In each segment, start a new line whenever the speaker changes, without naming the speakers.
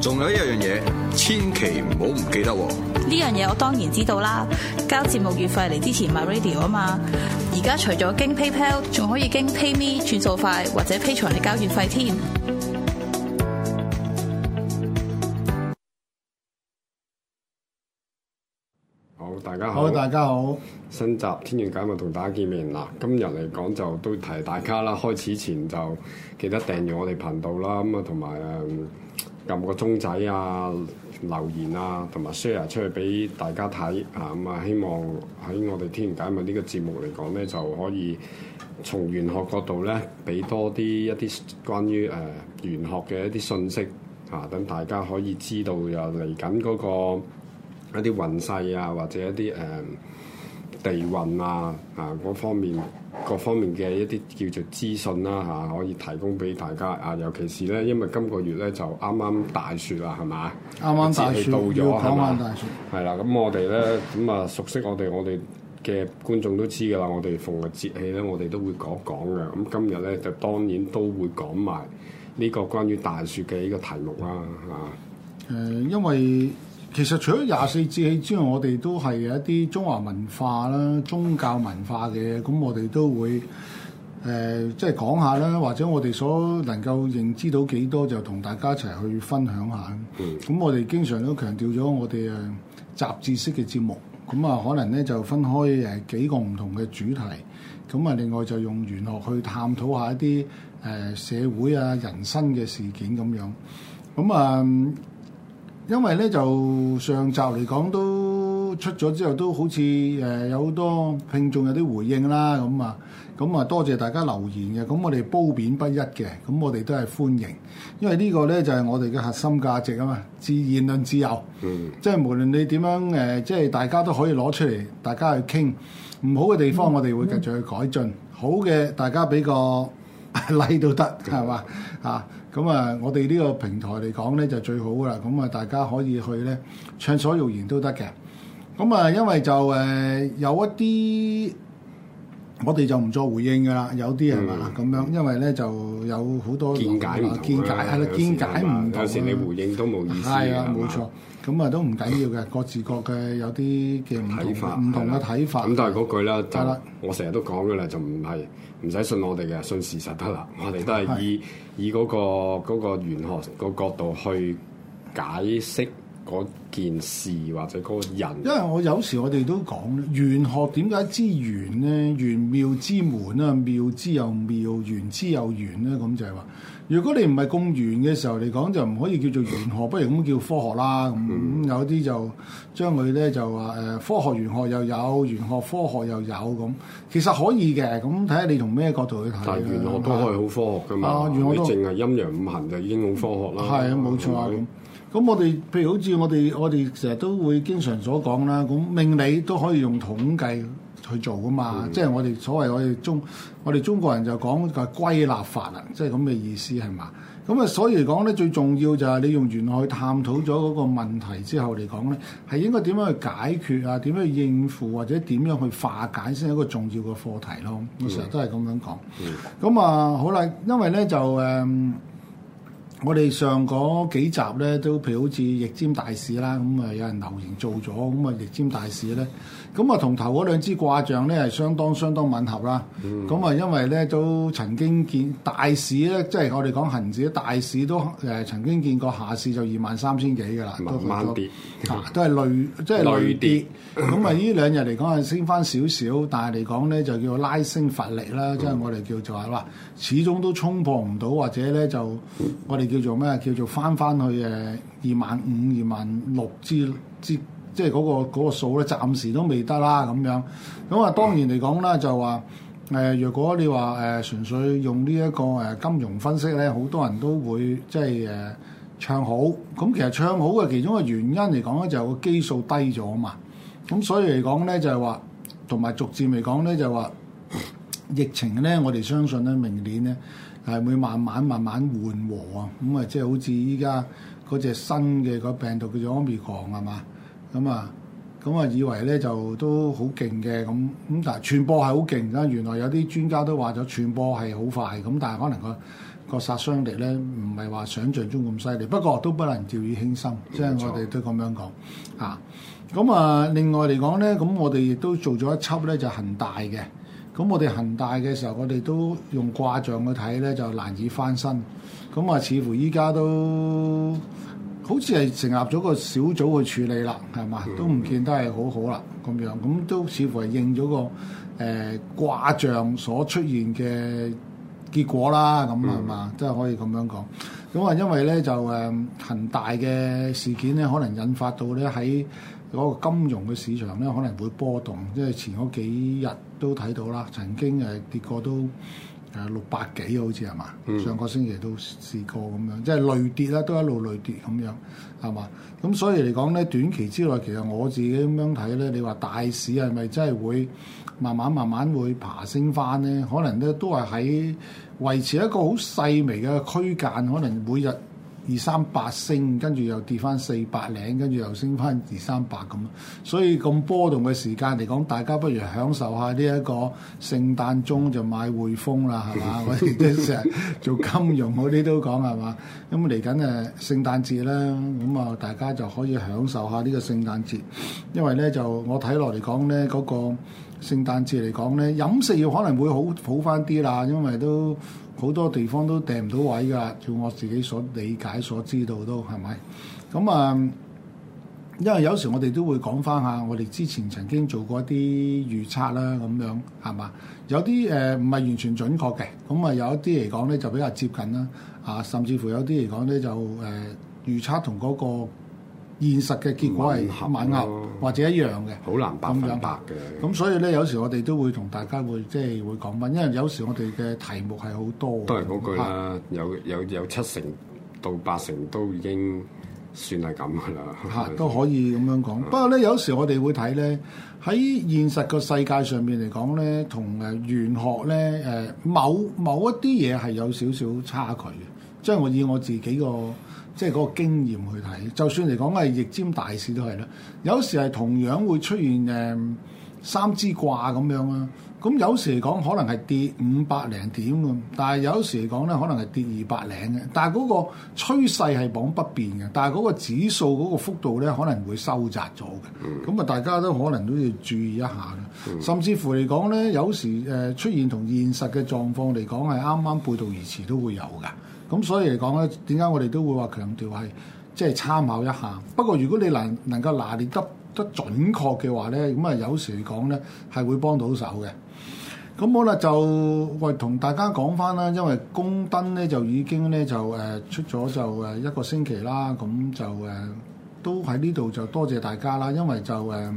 仲有一樣嘢，千祈唔好唔
記得喎！呢樣嘢我當然知道啦，交節目月費嚟支持 MyRadio 啊嘛！而家除咗經 PayPal，仲可以經 PayMe 轉數快，或者 Patreon 嚟交月費添。
好，大家好，好大家好，新集天玄解密同大家見面啦！今日嚟講就都提大家啦，開始前就記得訂閱我哋頻道啦，咁啊同埋誒。撳個鐘仔啊、留言啊，同埋 share 出去俾大家睇啊！咁啊，希望喺我哋天玄解密呢個節目嚟講咧，就可以從玄學角度咧，俾多啲一啲關於誒玄、呃、學嘅一啲信息啊，等大家可以知道又嚟緊嗰個一啲運勢啊，或者一啲誒。呃地運啊，嚇嗰方面，各方面嘅一啲叫做資訊啦、啊，嚇、啊、可以提供俾大家啊。尤其是咧，因為今個月咧就啱啱大雪啦，係嘛？
啱啱大雪到咗大雪，
係啦，咁、啊嗯、我哋咧咁啊熟悉我哋我哋嘅觀眾都知㗎啦，我哋逢日節氣咧，我哋都會講講嘅。咁、嗯、今日咧就當然都會講埋呢個關於大雪嘅呢個題目啦、啊，嚇。
誒、呃，因為。其實除咗廿四節氣之外，我哋都係有一啲中華文化啦、宗教文化嘅，咁我哋都會誒、呃，即係講下啦，或者我哋所能夠認知到幾多，就同大家一齊去分享下。嗯，咁我哋經常都強調咗，我哋誒雜誌式嘅節目，咁啊，可能咧就分開誒幾個唔同嘅主題，咁啊，另外就用玄學去探討一下一啲誒、呃、社會啊、人生嘅事件咁樣，咁啊。呃因為咧就上集嚟講都出咗之後都好似誒、呃、有好多聽眾有啲回應啦咁啊，咁啊多謝大家留言嘅，咁我哋褒貶不一嘅，咁我哋都係歡迎，因為呢個呢，就係、是、我哋嘅核心價值啊嘛，自由言論自由，嗯、即係無論你點樣誒、呃，即係大家都可以攞出嚟，大家去傾，唔好嘅地方我哋會繼續去改進，嗯、好嘅大家俾個例、like、都得，係嘛、嗯、啊？咁啊，我哋呢個平台嚟講咧就最好噶啦，咁啊大家可以去咧暢所欲言都得嘅。咁啊，因為就誒有啲我哋就唔作回應噶啦，有啲係嘛咁樣，因為咧就有好多見解見解係啦，見解唔同啦。有時你回應
都冇意思，係啊，冇錯。
咁啊都唔緊要嘅，各自各嘅有啲嘅唔同睇法，唔同嘅睇
法。咁但係嗰句啦，得啦，我成日都講噶啦，就唔係。唔使信我哋嘅，信事實得啦。我哋都係以是以，以、嗰個、嗰個玄學個角度去解釋。嗰件事或者嗰個人，
因為我有時我哋都講咧，玄學點解之玄咧？玄妙之門啊，妙之又妙，玄之又玄咧。咁就係話，如果你唔係咁玄嘅時候嚟講，就唔可以叫做玄學，嗯、不如咁叫科學啦。咁、嗯嗯、有啲就將佢咧就話誒，科學玄學又有，玄學科學又有咁，其實可以嘅。咁睇下你從咩角度去睇？但係玄學都可以好科學㗎嘛，你淨係陰陽五行就已經好科學啦。係啊、嗯，冇錯啊。咁我哋譬如好似我哋我哋成日都會經常所講啦，咁命理都可以用統計去做㗎嘛，嗯、即係我哋所謂我哋中我哋中國人就講就係歸納法啊，即係咁嘅意思係嘛？咁啊，所以嚟講咧，最重要就係你用原來去探討咗嗰個問題之後嚟講咧，係應該點樣去解決啊？點樣去應付或者點樣去化解先係一個重要嘅課題咯、啊。我成日都係咁樣講。咁、嗯嗯、啊，好啦，因為咧就誒。嗯我哋上嗰幾集咧，都譬如好似逆佔大市啦，咁、嗯、啊有人留言做咗，咁、嗯、啊逆佔大市咧，咁啊同頭嗰兩支卦象咧係相當相當吻合啦。咁啊、嗯，因為咧都曾經見大市咧，即、就、係、是、我哋講恒指大市都誒、呃、曾經見過下市就二萬三千幾㗎啦，慢跌，掉啊，都係累即係、就是、累跌。咁啊、嗯，呢兩日嚟講啊，升翻少少，但係嚟講咧就叫拉升乏力啦，嗯、即係我哋叫做係話，始終都衝破唔到，或者咧就我哋。叫做咩？叫做返返去誒二萬五、二萬六之之，即係嗰個嗰個數咧，暫時都未得啦咁樣。咁啊，當然嚟講咧，就話誒，如果你話誒純粹用呢一個誒金融分析咧，好多人都會即係誒唱好。咁其實唱好嘅其中嘅原因嚟講咧，就係個基數低咗嘛。咁所以嚟講咧，就係話同埋逐漸嚟講咧，就係話疫情咧，我哋相信咧，明年咧。係會慢慢慢慢緩和啊！咁啊，即係好似依家嗰隻新嘅嗰病毒叫做 Omicron 係嘛？咁啊，咁啊以為咧就都好勁嘅咁咁，但係傳播係好勁。咁原來有啲專家都話咗傳播係好快，咁但係可能、那個個殺傷力咧唔係話想像中咁犀利。不過都不能掉以輕心，即係錯我哋都咁樣講啊。咁啊，另外嚟講咧，咁我哋亦都做咗一輯咧，就恒、是、大嘅。咁我哋恒大嘅時候，我哋都用卦象去睇咧，就難以翻身。咁啊，似乎依家都好似係成立咗個小組去處理啦，係嘛？都唔見得係好好啦，咁樣，咁都似乎係應咗個誒卦象所出現嘅結果啦，咁係嘛？即係、嗯、可以咁樣講。咁啊，因為咧就誒恒大嘅事件咧，可能引發到咧喺嗰個金融嘅市場咧，可能會波動，即係前嗰幾日。都睇到啦，曾經誒跌過都誒六百幾，好似係嘛？嗯、上個星期都試過咁樣，即係累跌啦，都一路累跌咁樣係嘛？咁所以嚟講咧，短期之內其實我自己咁樣睇咧，你話大市係咪真係會慢慢慢慢會爬升返咧？可能咧都係喺維持一個好細微嘅區間，可能每日。二三八升，跟住又跌翻四百零，跟住又升翻二三百咁，所以咁波動嘅時間嚟講，大家不如享受下呢一個聖誕鐘就買匯豐啦，係嘛？ 我哋都成日做金融嗰啲都講係嘛？咁嚟緊誒聖誕節咧，咁啊大家就可以享受下呢個聖誕節，因為咧就我睇落嚟講咧嗰、那個聖誕節嚟講咧飲食可能會好好翻啲啦，因為都。好多地方都訂唔到位㗎，用我自己所理解、所知道都係咪？咁啊、嗯，因為有時我哋都會講翻下，我哋之前曾經做過一啲預測啦，咁樣係嘛？有啲誒唔係完全準確嘅，咁啊有一啲嚟講咧就比較接近啦，啊甚至乎有啲嚟講咧就誒、呃、預測同嗰、嗰個。現實嘅結果係晚拗或者一樣嘅，好難咁嘅。咁所以咧有時我哋都會同大家會即係會講翻，因為有時我哋嘅題目係好多。都係嗰句啦，啊、
有有有七成到八成都已經算係咁噶啦。嚇、啊、是都可
以咁樣講， 不過咧有時我哋會睇咧喺現實個世界上面嚟講咧，同誒玄學咧誒、呃、某某一啲嘢係有少少差距嘅。即係我以我自己個。即係嗰個經驗去睇，就算嚟講係逆尖大市都係啦。有時係同樣會出現誒、呃、三支卦咁樣啦。咁有時嚟講可能係跌五百零點咁，但係有時嚟講咧可能係跌二百零嘅。但係嗰個趨勢係往不變嘅，但係嗰個指數嗰個幅度咧可能會收窄咗嘅。咁啊，大家都可能都要注意一下啦。甚至乎嚟講咧，有時誒出現同現實嘅狀況嚟講係啱啱背道而馳都會有嘅。咁所以嚟講咧，點解我哋都會話強調係即係參考一下？不過如果你能能夠拿捏得得準確嘅話咧，咁啊有時嚟講咧係會幫到手嘅。咁好啦，就喂同大家講返啦，因為供燈咧就已經咧就誒出咗就誒一個星期啦，咁就誒都喺呢度就多謝大家啦，因為就誒。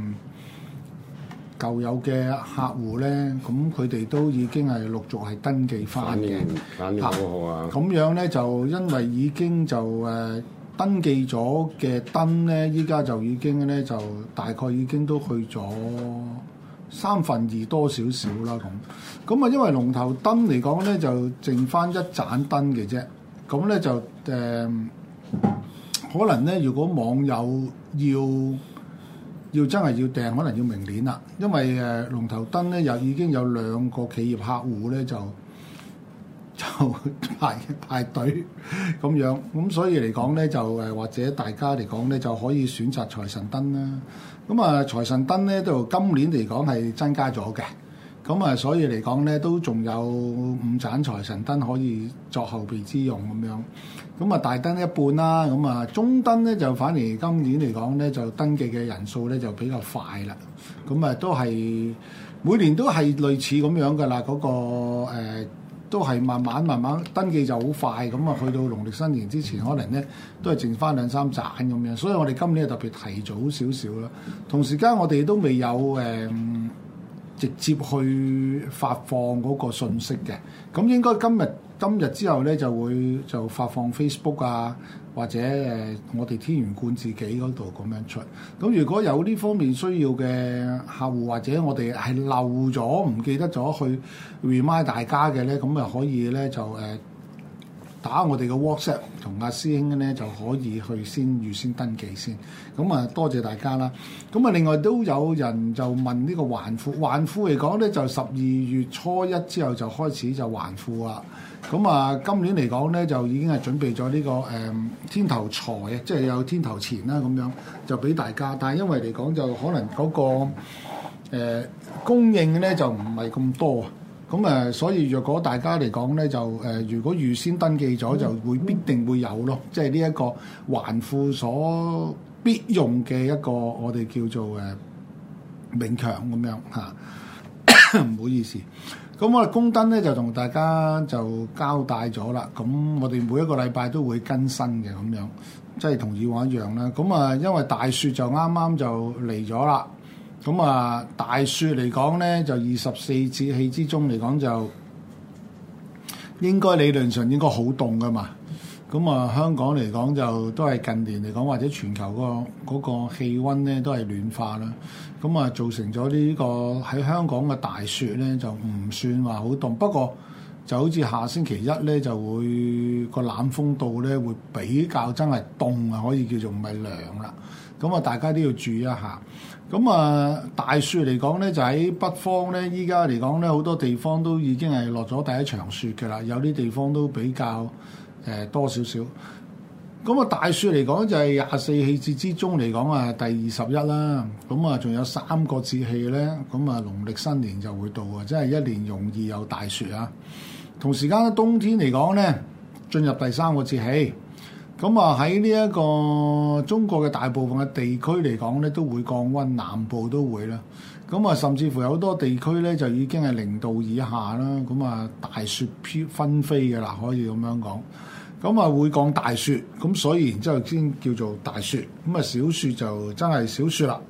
舊有嘅客戶咧，咁佢哋都已經係陸續係登記翻
嘅，咁、
啊啊、樣咧就因為已經就誒、呃、登記咗嘅燈咧，依家就已經咧就大概已經都去咗三分二多少少啦咁。咁啊，因為龍頭燈嚟講咧，就剩翻一盞燈嘅啫。咁咧就誒、呃，可能咧，如果網友要。要真係要訂，可能要明年啦，因為誒龍頭燈咧又已經有兩個企業客戶咧就就排排隊咁樣，咁所以嚟講咧就誒或者大家嚟講咧就可以選擇財神燈啦，咁啊財神燈咧都今年嚟講係增加咗嘅。咁啊，所以嚟講咧，都仲有五盞財神燈可以作後備之用咁樣。咁啊，大燈一半啦。咁啊，中燈咧就反而今年嚟講咧，就登記嘅人數咧就比較快啦。咁啊，都係每年都係類似咁樣嘅啦。嗰、嗰個、呃、都係慢慢慢慢登記就好快。咁啊，去到農曆新年之前，嗯、可能咧都係剩翻兩三盞咁樣。所以我哋今年特別提早少少啦。同時間我哋都未有誒。呃直接去發放嗰個信息嘅，咁應該今日今日之後咧就會就發放 Facebook 啊，或者誒、呃、我哋天元觀自己嗰度咁樣出。咁如果有呢方面需要嘅客戶或者我哋係漏咗唔記得咗去 remind 大家嘅咧，咁又可以咧就誒。呃打我哋嘅 WhatsApp 同阿師兄咧，就可以去先預先登記先。咁啊，多謝大家啦。咁啊，另外都有人就問個呢個還庫還庫嚟講咧，就十二月初一之後就開始就還庫啦。咁啊，今年嚟講咧，就已經係準備咗呢、呢個誒、嗯、天頭財啊，即係有天頭錢啦咁樣，就俾大家。但係因為嚟講就可能嗰、嗰個、呃、供應咧就唔係咁多。咁誒，所以若果大家嚟講咧，就誒、呃，如果預先登記咗，就會必定會有咯，即係呢一個還庫所必用嘅一個我哋叫做誒、呃、勉強咁樣嚇。唔、啊、 好意思，咁我哋供燈咧就同大家就交代咗啦。咁我哋每一個禮拜都會更新嘅咁樣，即係同以往一樣啦。咁啊，因為大雪就啱啱就嚟咗啦。咁啊，大雪嚟講咧，就二十四節氣之中嚟講，就應該理論上應該好凍㗎嘛。咁啊，香港嚟講就都係近年嚟講，或者全球、嗰個嗰、嗰個氣温咧都係暖化啦。咁啊，造成咗呢、呢個喺香港嘅大雪咧，就唔算話好凍。不過就好似下星期一咧，就會、嗰個冷風度咧會比較真係凍啊，可以叫做唔係涼啦。咁啊，大家都要注意一下。咁啊，大雪嚟講咧，就喺北方咧，依家嚟講咧，好多地方都已經係落咗第一場雪嘅啦，有啲地方都比較誒、呃、多少少。咁啊，大雪嚟講就係廿四氣節之中嚟講啊，第二十一啦。咁啊，仲有三個節氣咧，咁啊，農曆新年就會到啊！即係一年容易有大雪啊。同時間冬天嚟講咧，進入第三個節氣。咁啊喺呢一個中國嘅大部分嘅地區嚟講咧，都會降溫，南部都會啦。咁啊，甚至乎有好多地區咧就已經係零度以下啦。咁啊，大雪飄紛飛嘅啦，可以咁樣講。咁啊，會降大雪，咁所以然之後先叫做大雪。咁啊，小雪就真係小雪啦。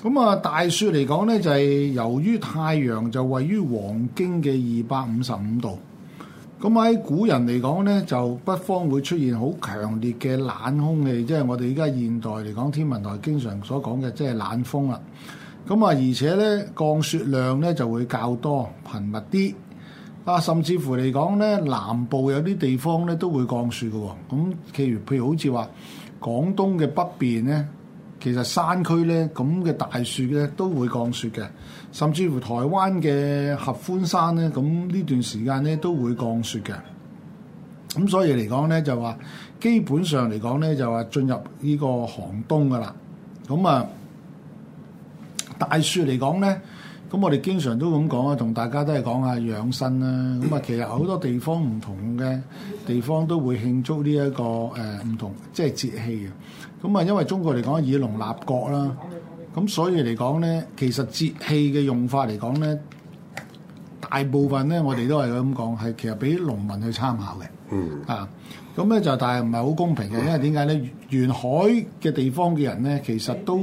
咁啊，大雪嚟講咧就係由於太陽就位於黃經嘅二百五十五度。咁喺古人嚟講咧，就北方會出現好強烈嘅冷空氣，即係我哋而家現代嚟講天文台經常所講嘅即係冷風啦。咁啊，而且咧降雪量咧就會較多、頻密啲。啊，甚至乎嚟講咧，南部有啲地方咧都會降雪嘅喎。咁譬如譬如好似話廣東嘅北邊咧。其實山區咧，咁嘅大雪咧都會降雪嘅，甚至乎台灣嘅合歡山咧，咁呢段時間咧都會降雪嘅。咁所以嚟講咧，就話基本上嚟講咧，就話進入呢個寒冬㗎喇。咁啊，大雪嚟講咧。咁我哋經常都咁講啊，同大家都係講下養生啦。咁啊，其實好多地方唔同嘅地方都會慶祝呢一個誒唔同，即係節氣啊。咁啊，因為中國嚟講以農立國啦，咁所以嚟講咧，其實節氣嘅用法嚟講咧，大部分咧我哋都係咁講，係其實俾農民去參考嘅。嗯。啊，咁咧就但係唔係好公平嘅，因為點解咧？沿海嘅地方嘅人咧，其實都。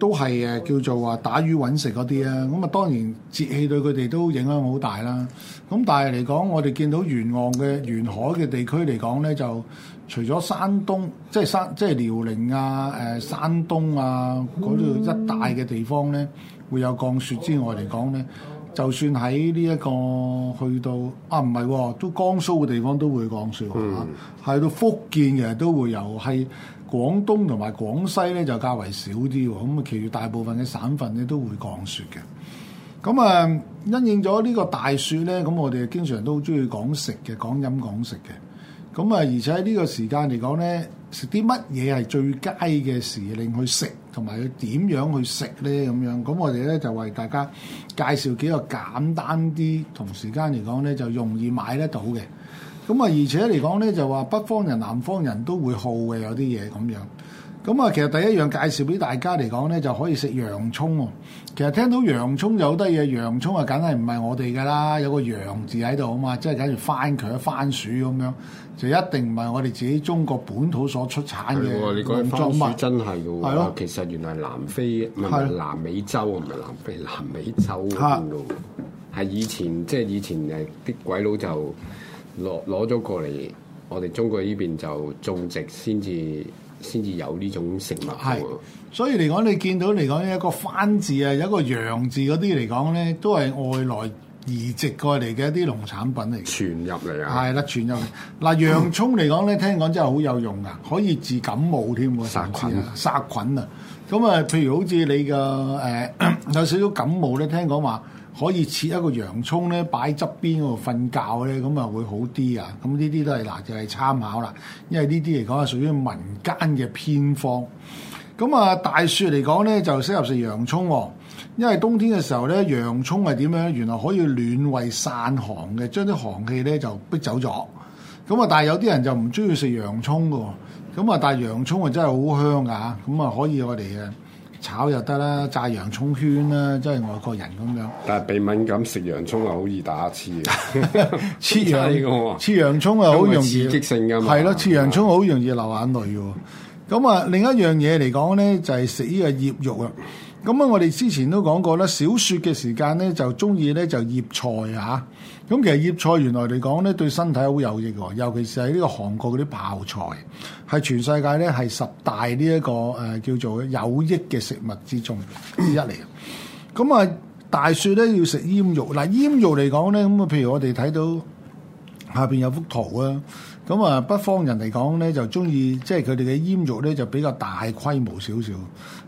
都係誒叫做話打魚揾食嗰啲啊，咁啊當然節氣對佢哋都影響好大啦。咁但係嚟講，我哋見到沿岸嘅沿海嘅地區嚟講咧，就除咗山東，即係山即係遼寧啊、誒、呃、山東啊嗰度一帶嘅地方咧，會有降雪之外嚟講咧，就算喺呢一個去到啊唔係，都江蘇嘅地方都會降雪，係到、嗯、福建嘅都會有係。廣東同埋廣西咧就較為少啲喎，咁啊，其餘大部分嘅省份咧都會降雪嘅。咁、嗯、啊，因應咗呢個大雪咧，咁、嗯、我哋經常都好中意講食嘅，講飲講食嘅。咁、嗯、啊，而且呢個時間嚟講咧，食啲乜嘢係最佳嘅時令去食，同埋要點樣去食咧？咁樣，咁、嗯、我哋咧就為大家介紹幾個簡單啲，同時間嚟講咧就容易買得到嘅。咁啊，而且嚟講咧，就話北方人、南方人都會好嘅，有啲嘢咁樣。咁啊，其實第一樣介紹俾大家嚟講咧，就可以食洋葱。其實聽到洋葱就好得意，洋葱啊，梗係唔係我哋噶啦？有個洋字喺度啊嘛，即係假如蕃茄、番薯咁樣，就一定唔係我哋自己中國本土所出產嘅。你覺得番薯真
係㗎喎，其實原來南非係咯，南美洲，唔係南非，南美洲嗰邊㗎喎，係以前即係以前誒啲鬼佬就。攞攞咗過嚟，我哋中國呢
邊就種植，先至先至有呢種食物。係，所以嚟講，你見到嚟講一個番字啊，有一個洋字嗰啲嚟講咧，都係外來移植過嚟嘅一啲農產品嚟。傳入嚟啊！係啦，傳入嚟。嗱， 洋葱嚟講咧，聽講真係好有用噶、啊，可以治感冒添、啊、喎。殺菌啊！殺菌啊！咁啊，譬如好似你個誒有少少感冒咧，聽講話。可以切一個洋葱咧，擺側邊嗰度瞓覺咧，咁啊會好啲啊！咁呢啲都係嗱，就係參考啦。因為呢啲嚟講係屬於民間嘅偏方。咁啊，大雪嚟講咧，就適合食洋葱喎。因為冬天嘅時候咧，洋葱係點樣？原來可以暖胃散寒嘅，將啲寒氣咧就逼走咗。咁啊，但係有啲人就唔中意食洋葱嘅。咁啊，但係洋葱啊真係好香㗎，咁啊可以我哋啊～炒又得啦，炸洋葱圈啦、啊，即係外國人咁樣。
但係鼻敏感食洋葱啊，好易打刺啊！切 洋葱喎，
切 洋葱啊，好容易刺激性㗎嘛。係咯，切洋葱好容易流眼淚㗎。咁啊，另一樣嘢嚟講咧，就係食呢個醃肉啊。咁啊，我哋之前都講過啦，小雪嘅時間咧，就鍾意咧就醃菜啊。咁其實醃菜原來嚟講咧，對身體好有益喎。尤其是喺呢個韓國嗰啲泡菜，係全世界咧係十大呢一個誒叫做有益嘅食物之中之一嚟嘅。咁啊，大雪咧要食醃肉，嗱醃肉嚟講咧，咁啊，譬如我哋睇到下邊有幅圖啊。咁啊，北方人嚟講咧，就鍾意即係佢哋嘅煙肉咧，就比較大規模少少。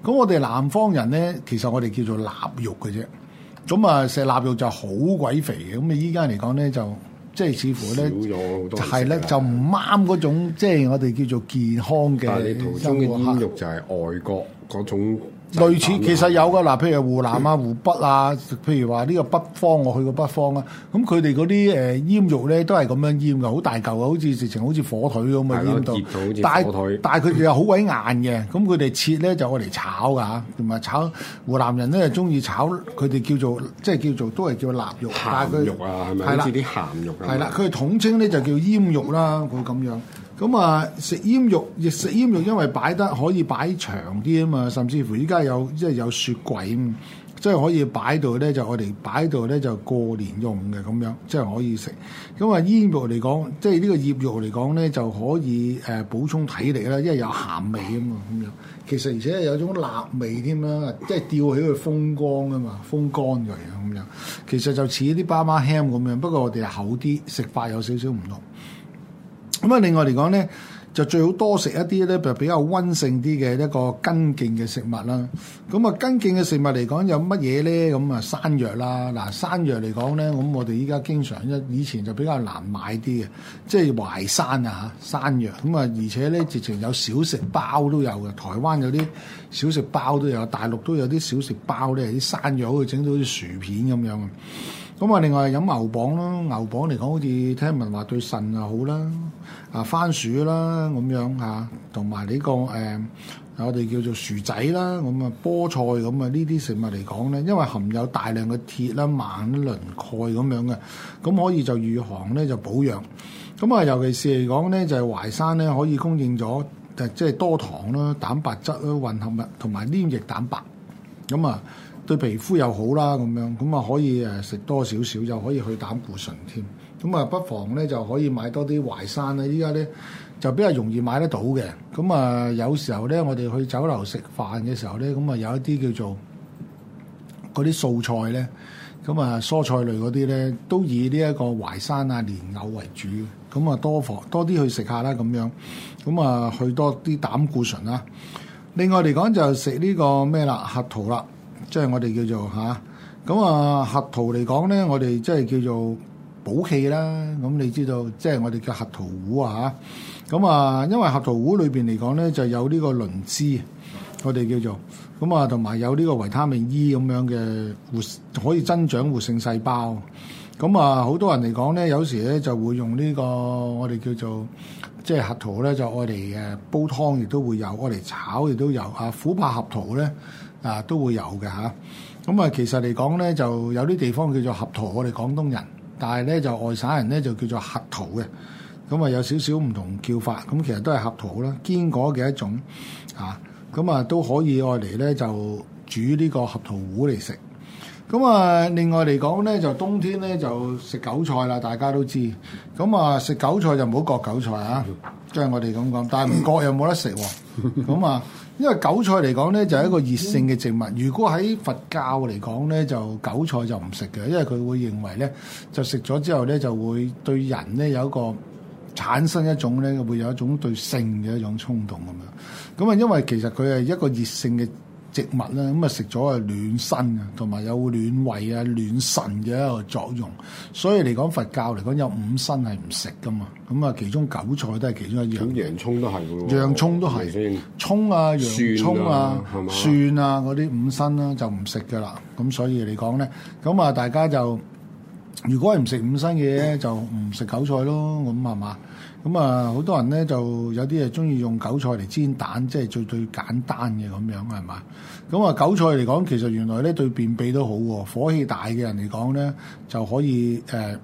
咁我哋南方人咧，其實我哋叫做臘肉嘅啫。咁啊，食臘肉就好鬼肥嘅。咁你依家嚟講咧，就即係似乎咧、就係，係咧就唔啱嗰種即係我哋叫做健康嘅。但係你圖中嘅煙
肉就係外國嗰種。類似其
實有噶，嗱，譬如湖南啊、湖北啊，譬如話呢個北方，我去過北方啊。咁佢哋嗰啲誒醃肉咧，都係咁樣醃噶，好大嚿啊，好似直情好似火腿咁啊醃到，但係但係佢哋又好鬼硬嘅。咁佢哋切咧就攞嚟炒㗎嚇，同埋炒湖南人咧，就中意炒佢哋叫做即係叫做都係叫臘肉。但係臘肉啊，係
咪？係啦，啲鹹肉。係啦，
佢哋統稱咧就叫醃肉啦，佢咁樣。咁啊，食醃肉亦食醃肉，因為擺得可以擺長啲啊嘛，甚至乎依家有即係有雪櫃，即係可以擺到咧，就我哋擺到咧就，就，就過年用嘅咁樣，即係可以食。咁啊，醃肉嚟講，即係呢個醃肉嚟講咧，就可以誒、呃、補充體力啦，因為有鹹味啊嘛，咁樣。其實而且有種辣味添啦，即係吊起佢風乾啊嘛，風乾嘅咁樣，樣。其實就似啲巴馬香咁樣，不過我哋係厚啲，食法有少少唔同。咁啊，另外嚟講咧，就最好多食一啲咧，就比較温性啲嘅一個根莖嘅食物啦。咁啊，根莖嘅食物嚟講有乜嘢咧？咁啊，山藥啦，嗱，山藥嚟講咧，咁我哋依家經常一以前就比較難買啲嘅，即係淮山啊嚇，山藥。咁啊，而且咧，直情有小食包都有嘅，台灣有啲小食包都有，大陸都有啲小食包咧，啲山藥好似整到好似薯片咁樣。咁啊，另外飲牛蒡咯，牛蒡嚟講，好似聽聞話對腎又好啦，啊番薯啦咁樣嚇，同埋呢個誒、呃、我哋叫做薯仔啦，咁啊菠菜咁啊呢啲食物嚟講咧，因為含有大量嘅鐵啦、錳、磷、鈣咁樣嘅，咁可以就預防咧就保養。咁啊，尤其是嚟講咧，就係、是、淮山咧，可以供應咗誒，即、就、係、是、多糖啦、蛋白質啦、混合物同埋黏液蛋白，咁啊。對皮膚又好啦，咁樣咁啊，可以誒食多少少就可以去膽固醇添。咁啊，不妨咧就可以買多啲淮山啦。依家咧就比較容易買得到嘅。咁啊，有時候咧，我哋去酒樓食飯嘅時候咧，咁啊有一啲叫做嗰啲素菜咧，咁啊蔬菜類嗰啲咧都以呢一個淮山啊、蓮藕為主。咁啊，多防多啲去食下啦，咁樣咁啊，去多啲膽固醇啦。另外嚟講就食、這個、呢個咩啦，核桃啦。即係我哋叫做吓啊。咁啊核桃嚟講咧，我哋即係叫做補氣啦。咁你知道，即係我哋叫核桃糊啊嚇。咁啊，因為核桃糊裏邊嚟講咧，就有呢個磷脂，我哋叫做咁啊，同埋有呢個維他命 E 咁樣嘅活，可以增長活性細胞。咁啊，好多人嚟講咧，有時咧就會用呢個我哋叫做即係核桃咧，就愛嚟誒煲湯，亦都會有；愛嚟炒，亦都有。啊，琥珀核桃咧。啊，都會有嘅嚇。咁啊，其實嚟講咧，就有啲地方叫做合桃，我哋廣東人，但係咧就外省人咧就叫做核桃嘅。咁啊，有少少唔同叫法。咁其實都係合桃啦，堅果嘅一種。啊，咁啊都可以用嚟咧就煮呢個合桃糊嚟食。咁啊，另外嚟講咧就冬天咧就食韭菜啦，大家都知。咁啊，食韭菜就唔好割韭菜啊，即係我哋咁講。但係唔割又冇得食喎。咁啊～因為韭菜嚟講咧，就係一個熱性嘅植物。如果喺佛教嚟講咧，就韭菜就唔食嘅，因為佢會認為咧，就食咗之後咧，就會對人咧有一個產生一種咧，會有一種對性嘅一種衝動咁樣。咁啊，因為其實佢係一個熱性嘅植物啦，咁啊食咗啊暖身啊，同埋有，有暖胃啊、暖腎嘅一個作用。所以嚟講佛教嚟講有五辛係唔食噶嘛，咁啊其中韭菜都係其中一。一咁洋葱都係洋葱都係，葱先啊、洋葱啊、蒜啊嗰啲、啊吧啊、五辛啦就唔食噶啦。咁所以嚟講咧，咁啊大家就。如果係唔食五辛嘢，就唔食韭菜咯，咁係嘛？咁啊，好多人咧，就有啲誒中意用韭菜嚟煎蛋，即係最最簡單嘅咁樣係嘛？咁啊，韭菜嚟講，其實原來咧對便秘都好喎，火氣大嘅人嚟講咧就可以誒。呃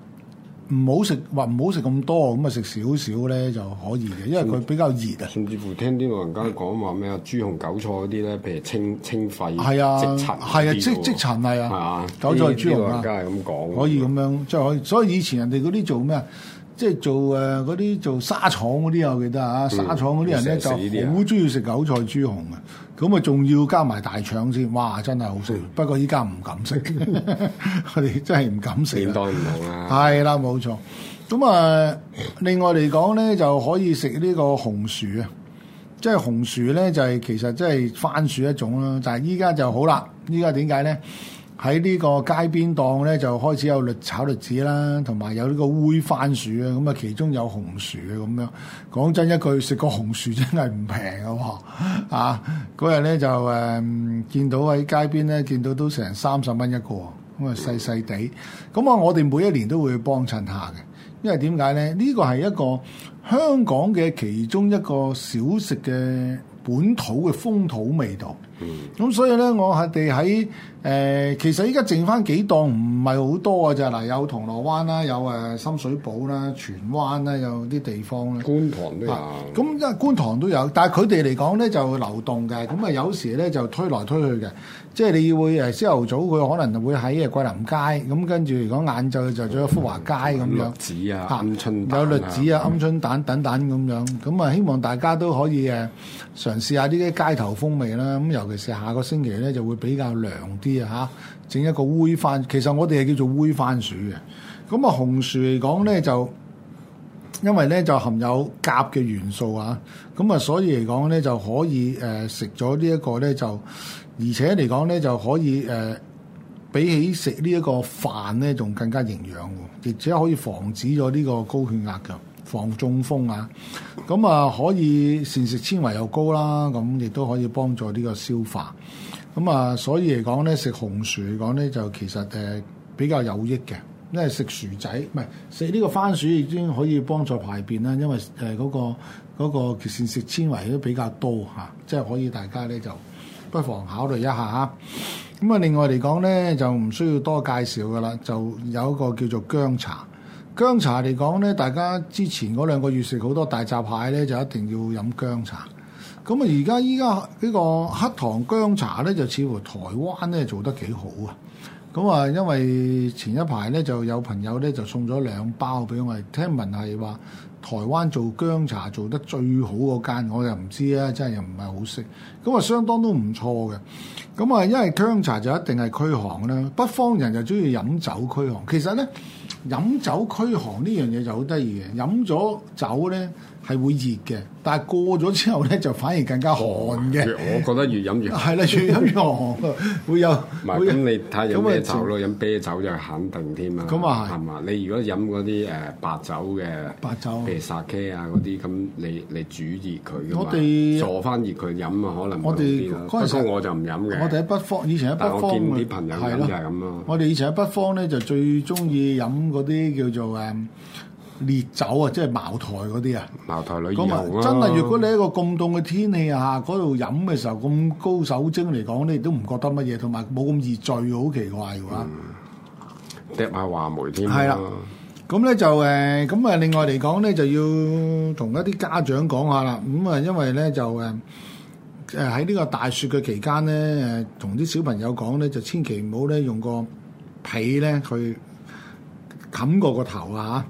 唔好食，話唔好食咁多，咁啊食少少咧就可以嘅，因為
佢比較熱啊。甚至乎聽啲老人家講話咩啊，豬紅韭菜嗰啲咧，譬如清清肺，係啊，積塵係啊，即積
塵係啊，韭菜豬紅老人家係咁講。可以咁樣，即係可以。所以以前人哋嗰啲做咩啊？即係做誒嗰啲做沙廠嗰啲，我記得嚇、啊，沙廠嗰啲人咧、嗯、就好中意食韭菜豬紅啊！咁啊、嗯，仲要加埋大腸先，哇！真係好食，嗯、不過依家唔敢食，佢 哋真係唔敢食。當然、啊，好啦，係啦，冇錯。咁啊，另外嚟講咧，就可以食呢個紅薯啊！即係紅薯咧，就係、是、其實即係番薯一種啦。但係依家就好啦，依家點解咧？喺呢個街邊檔咧，就開始有栗炒栗子啦，同埋有呢個煨番薯啊，咁啊其中有紅薯啊咁樣。講真一句，食個紅薯真係唔平嘅啊！嗰日咧就誒、嗯、見到喺街邊咧，見到都成三十蚊一個，咁、嗯、啊細細地。咁啊，我哋每一年都會幫襯下嘅，因為點解咧？呢、呢個係一個香港嘅其中一個小食嘅本土嘅風土味道。咁所以咧，我哋喺誒，其實依家剩翻幾檔唔係好多啊！就嗱，有銅鑼灣啦，有誒深水埗啦，荃灣啦，有啲地方啦。觀塘都有，咁即係觀塘都有，但係佢哋嚟講咧就流動嘅，咁啊有時咧就推來推去嘅，即係你要會誒朝頭早佢可能會喺誒桂林街，咁跟住如果晏晝就咗福華街咁樣。子
啊，鵪鶉蛋有栗子
啊，鵪鶉蛋等等咁樣，咁啊希望大家都可以誒嘗試下呢啲街頭風味啦，咁由尤其是下個星期咧就會比較涼啲啊，吓整一個煨番，其實我哋係叫做煨番薯嘅。咁啊紅薯嚟講咧就，因為咧就含有鉀嘅元素啊，咁啊所以嚟講咧就可以誒食咗呢一個咧就，而且嚟講咧就可以誒、呃、比起食呢一個飯咧仲更加營養，而且可以防止咗呢個高血壓嘅。防中風啊！咁啊可以膳食纖維又高啦，咁亦都可以幫助呢個消化。咁啊，所以嚟講咧，食紅薯嚟講咧，就其實誒比較有益嘅，因為食薯仔唔係食呢個番薯，已經可以幫助排便啦。因為誒嗰個嗰個膳食纖維都比較多嚇，啊，即係可以大家咧就不妨考慮一下。咁啊，另外嚟講咧，就唔需要多介紹噶啦，就有一個叫做薑茶。薑茶嚟講咧，大家之前嗰兩個月食好多大閘蟹咧，就一定要飲薑茶。咁啊，而家依家呢個黑糖薑茶咧，就似乎台灣咧做得幾好啊。咁啊，因為前一排咧就有朋友咧就送咗兩包俾我哋，聽聞係話台灣做薑茶做得最好嗰間，我又唔知啊，真係又唔係好識。咁啊，相當都唔錯嘅。咁啊，因為薑茶就一定係驅寒啦，北方人就中意飲酒驅寒。其實咧～飲酒驅寒呢樣嘢就好得意嘅，飲咗酒咧，係會熱嘅，但係過咗之後咧，就反而更加寒嘅、哦。我覺得越飲越係啦， 越飲越寒，
會有。唔係咁，你睇下飲咩酒咯？飲、就是、啤酒就肯定添啊。咁啊係。係嘛？你如果飲嗰啲誒白酒嘅，白酒譬如 Sake 啊嗰啲咁，你你煮熱佢咁，我哋們坐翻熱佢飲啊，可能。我哋們不過我就唔飲嘅。我哋
喺北方，以前喺北方咪係咯。我哋以前喺北方咧，就最中意飲嗰啲叫做誒。嗯烈酒啊，即係茅台嗰啲啊，茅台旅遊咯。真係，如果你一個咁凍嘅天氣啊，嗰度飲嘅時候咁高酒精嚟講，你都唔覺得乜嘢，同埋冇咁易醉，好奇怪嘅、啊、嗯，
跌下華梅添、啊。係啦，
咁咧就誒，咁、呃、啊另外嚟講咧，就要同一啲家長講下啦。咁、嗯、啊，因為咧就誒誒喺呢個大雪嘅期間咧，誒同啲小朋友講咧，就千祈唔好咧用個被咧去冚過個頭啊。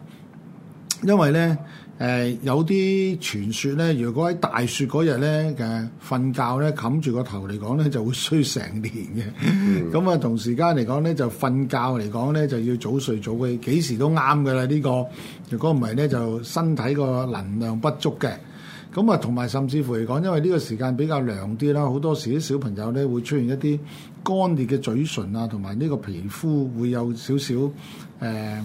因為咧，誒、呃、有啲傳說咧，如果喺大雪嗰日咧誒瞓覺咧，冚住個頭嚟講咧，就會衰成年嘅。咁 啊、嗯，同時間嚟講咧，就瞓覺嚟講咧，就要早睡早起，幾時都啱㗎喇。這個、呢個如果唔係咧，就身體個能量不足嘅。咁、嗯、啊，同埋甚至乎嚟講，因為呢個時間比較涼啲啦，好多時啲小朋友咧會出現一啲乾裂嘅嘴唇啊，同埋呢個皮膚會有少少誒。呃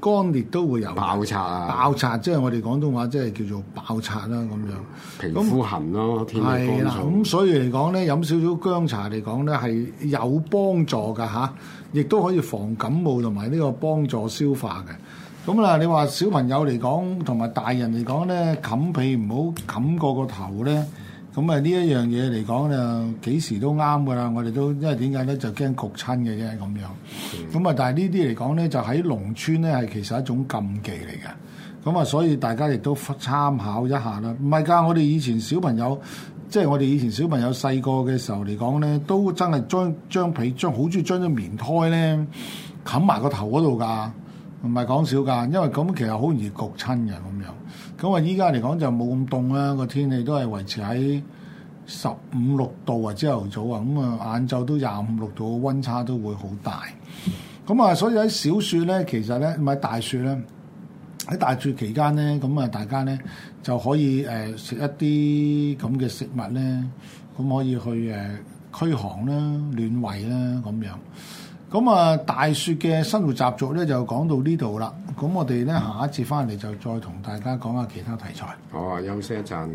乾裂都會有爆擦炸啊！爆擦即係我哋廣東話，即係叫做爆擦啦咁樣，皮膚痕咯。天氣啦係啦那，咁所以嚟講咧，飲少少薑茶嚟講咧係有幫助嘅吓、啊，亦都可以防感冒同埋呢個幫助消化嘅。咁啊，你話小朋友嚟講同埋大人嚟講咧，冚被唔好冚過個頭咧。咁啊呢一樣嘢嚟講就幾時都啱噶啦，我哋都因為點解咧就驚焗親嘅啫咁樣。咁啊、嗯，但係呢啲嚟講咧，就喺農村咧係其實一種禁忌嚟嘅。咁啊，所以大家亦都參考一下啦。唔係㗎，我哋以前小朋友，即係我哋以前小朋友細個嘅時候嚟講咧，都真係將將被將好中意將啲棉胎咧冚埋個頭嗰度㗎。唔係講少㗎，因為咁其實好容易焗親嘅咁樣。咁啊，依家嚟講就冇咁凍啦，個天氣都係維持喺十五六度啊，朝頭早啊，咁啊，晏晝都廿五六度，溫差都會好大。咁啊，所以喺小雪咧，其實咧，唔係大雪咧，喺大雪期間咧，咁啊，大家咧就可以誒、呃、食一啲咁嘅食物咧，咁可以去誒、呃、驅寒啦、暖胃啦咁樣。咁啊，大雪嘅生活習俗咧就講到呢度啦。咁我哋咧下一節翻嚟就再同大家講下其他題材。
好啊，休息一
陣。